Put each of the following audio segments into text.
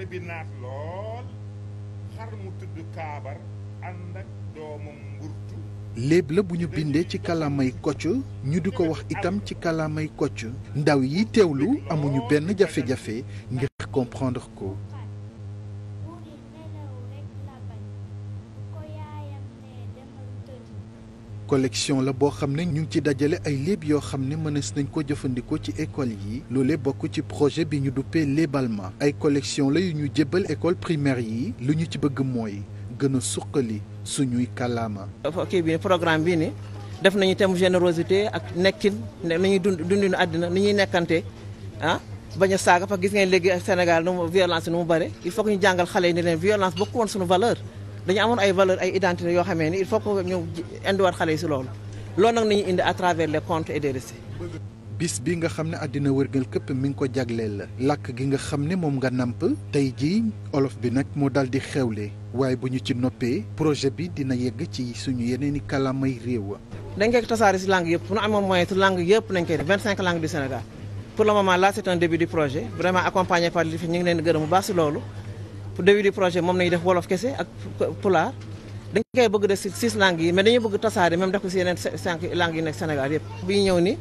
àll bi léeb la bu ñu bindee ci kàllaamay kocc ñu di ko wax itam ci kàllaamay kocc ndaw yi teewlu amuñu benn jafe-jafe ngir comprendre ko collection la boo xam ne ñu ngi ci dajale ay léeb yoo xam ne mënees nañ koo jëfandikoo ci école yi loolee bokk ci projet bi ñu duppee léebalma ay collection la yu ñu jébbal école primaire yi lu ñu ci bëgg mooy gën a suqali suñuy kàllaama. kii bi programme bii ni def nañu thème générosité ak nekkin ne nañuy dund dundinu àddina ni ñuy nekkante ah bañ a saaga parce que gis ngeen léegi Sénégal nu mu nu mu bare il faut ñu jàngal xale yi ne leen violence bokk valeur. dañu amoon ay valeur ay identité yoo xamee ni il faut que ñu indiwaat xale yi si loolu loolu nag ñu indi à travers les contes et les récits bis bi nga xam ne àddina wërgal këpp mi ngi ko jagleel la làkk gi nga xam ne moom nga nàmp tey jii olof bi nag moo daal di xewle waaye bu ñu ci noppee projet bi dina yegg ci suñu yeneen i kàllaamay réew dañ koy tasaare si langue yëpp bu ñu amoon moyen si langue yëpp nañ koy def vingt cinq langues du Sénégal pour le moment là ngi leen di gërëm bu baax début du projet moom nañu def wolof kese ak pulaar dañ koy bëgg def si six langues yi mais dañu bëgg tasaare même def ko si yeneen cinq langues yi bi ñëw ni ñu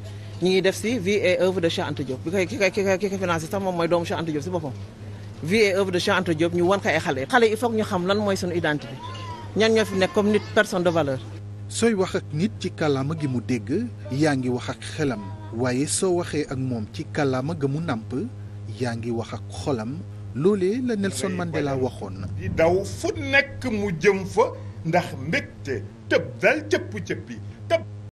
ngi def si vie et œuvre de Cheikh Anta Diop bi koy ki koy ki sax moom mooy doomu Cheikh Anta Diop si boppam vie et œuvre de Cheikh Anta Diop ñu wan ay xale xale il faut ñu xam lan mooy suñu identité ñan ñoo fi nekk comme nit personne de valeur sooy wax ak nit ci kàllaama gi mu dégg yaa ngi wax ak xelam waaye soo waxee ak moom ci kàllaama ga mu nàmp yaa ngi wax ak xolam loole la Nelson Mandela waxoon. na di daw fu nekk mu jëm fa ndax mbégte tëb dal cëpp cëppi tëb.